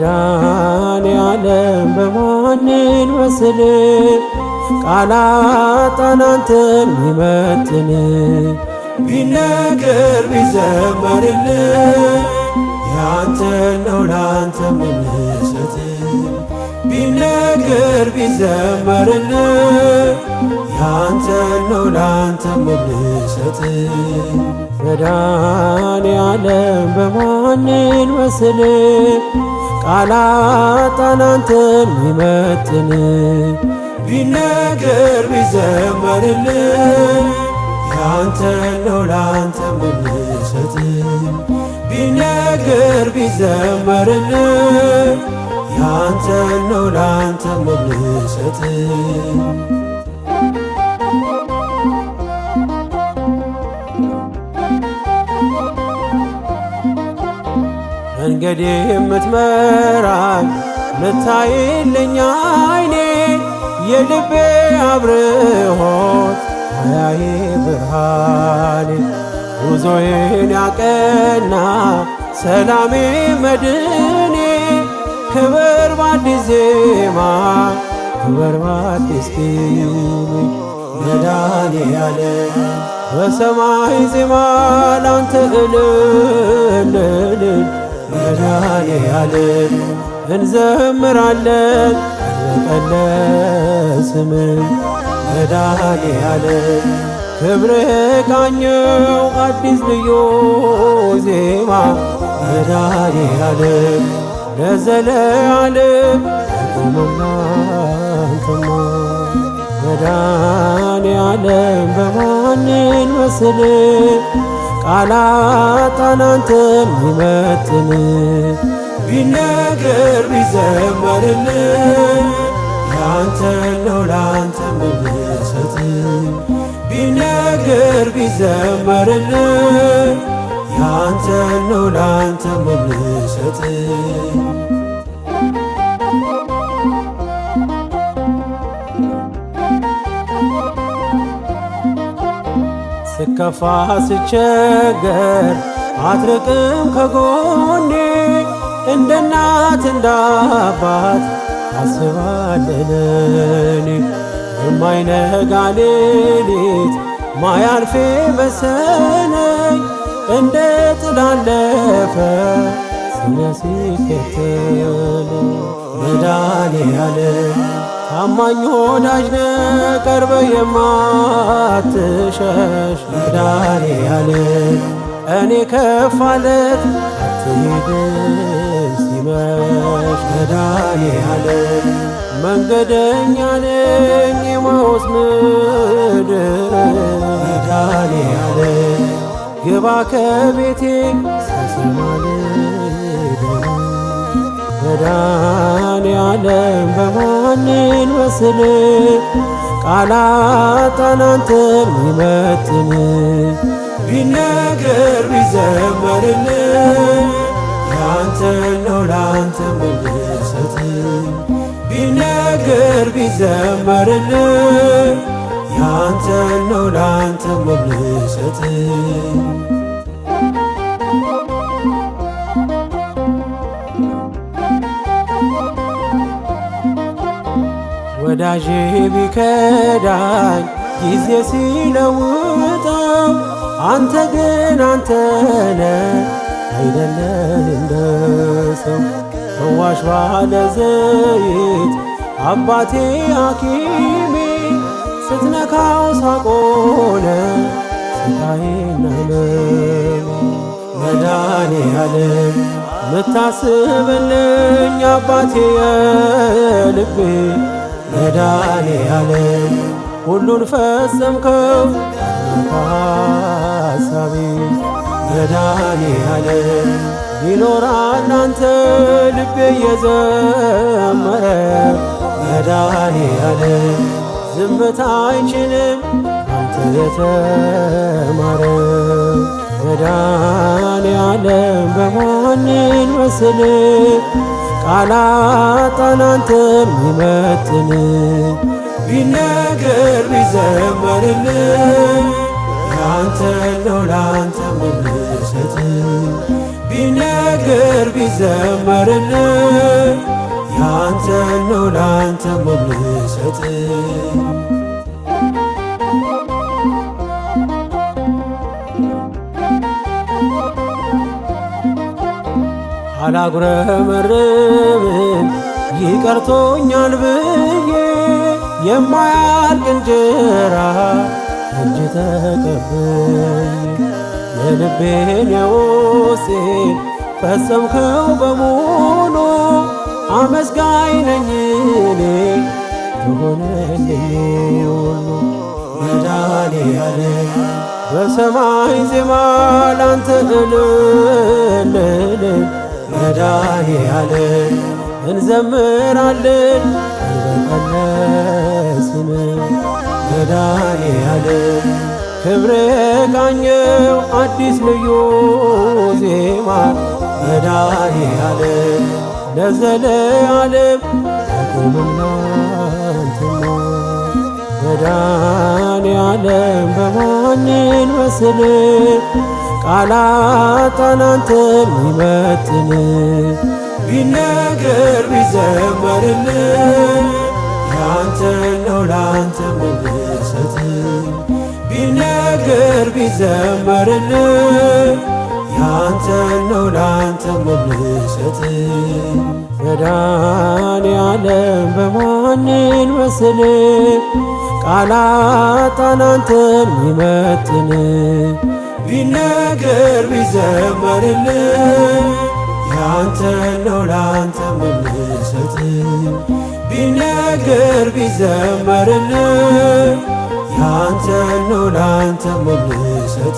መዳን መድኃኔዓለም በማንን መስል ቃላት አናንተን ሚመጥን ቢነገር ቢዘመርልን ያንተን ነው ላንተ ምንሰት ቢነገር ቢዘመርልን ያንተን ነው ላንተ ምንሰት መድኃኔዓለም በማንን መስል ቃላት አናንተን ሚመጥን ቢነገር ቢዘመርልን ያንተን ነው ላንተ ምንሰጥ ቢነገር ቢዘመርልን ያንተን ነው ላንተ ምንሰጥ መንገድ የምትመራኝ ምታይልኛ አይኔ የልቤ አብርሆት አያዬ ብርሃኔ ጉዞዬን ያቀና ሰላሜ መድኔ ክብር በአዲስ ዜማ ክብር በአዲስ ኪኔ ያለ በሰማይ ዜማ ላንተ እልልልል መድኃኔዓለም እንዘምራለን ቀን በቀን ስምን መድኃኔዓለም ክብር ቃኘው አዲስ ልዩ ዜማ መድኃኔዓለም ለዘለዓለም ተማማንተማ መድኃኔዓለም በማንን መስል ቃላት አናንተን ይመጥን ቢነገር ቢዘመርን ያንተን ነው ላንተ ምንሰት ቢነገር ቢዘመርን ያንተን ነው ላንተ ምንሰት ስከፋ ስቸገር አትርቅም ከጎኔ እንደ እናት እንዳባት አስባለለኔ የማይነጋ ሌሊት ማያልፌ በሰነ እንደ ጥላለፈ ስለ ሲከተል መዳኔ ያለ ታማኝ ወዳጅ ነህ ቀርበ የማትሸሽ መዳኔ ያለ እኔ ከፋለት አትሂድ ሲመሽ መዳኔ ያለ መንገደኛ ነኝ የማውስ ምድር መዳኔ ያለ ግባ ከቤቴ ሳሰማለ ያለም በማንን መስል ቃላት አናንተ ሚመጥን ቢነገር ቢዘመርን ያንተ ነው ላንተ ምልሰት ቢነገር ቢዘመርን ያንተ ነው ላንተ ምልሰት ወዳጄ ቢከዳኝ ጊዜ ሲለውጠው አንተ ግን አንተነ አይደለን እንደ ሰው ፈዋሽ ባለ ዘይት አባቴ አኪሜ ስትነካው ሳቆነ ስታይናለ መዳኔ መድኃኔዓለም ምታስብልኝ አባቴ የልቤ መዳኔ ያለ ሁሉን ፈጸምከው ሳቢ መዳኔ ያለ ይኖራል አንተ ልቤ እየዘመረ መዳኔ ያለ ዝምታ አይችልም አንተ የተማረ መዳኔ ያለም በማንን መስል አላጣን አንተን ሚመጥን ቢነገር ቢዘመርል አንተን ነው ላንተ ምልሰት ቢነገር ቢዘመርል አላጉረመርምም ይቀርቶኛል ብዬ የማያልቅ እንጀራ እጅ ተቀበይ የልቤን የውስጤን ፈጸምከው በሙሉ አመስጋኝ ነኝ እኔ ትሆነልኝ ሁሉ መድኃኔዓለም በሰማይ ዜማ ላንተ እልል ያለ እንዘምራለን አንበቀለስም መድኃኔዓለም ክብር ቃኘው አዲስ ልዩ ዜማ መድኃኔዓለም ለዘለዓለም አቁምና መዳን መድኃኔዓለም በማኝን መስል ቃላጣን አንተን ሚመጥን ቢነገር ቢዘመርልን ያንተን ነው ላንተ ምልሰት ቢነገር ቢዘመርልን ያንተን ነው ላንተ ምልሰት መድኃኔዓለም በማንን መስል ቃላጣን አንተን ሚመጥን ቢነገር ቢዘመርል ያንተ ነው ላንተ ምንሰጥ ቢነገር ቢዘመርል ያንተ ነው ላንተ ምንሰጥ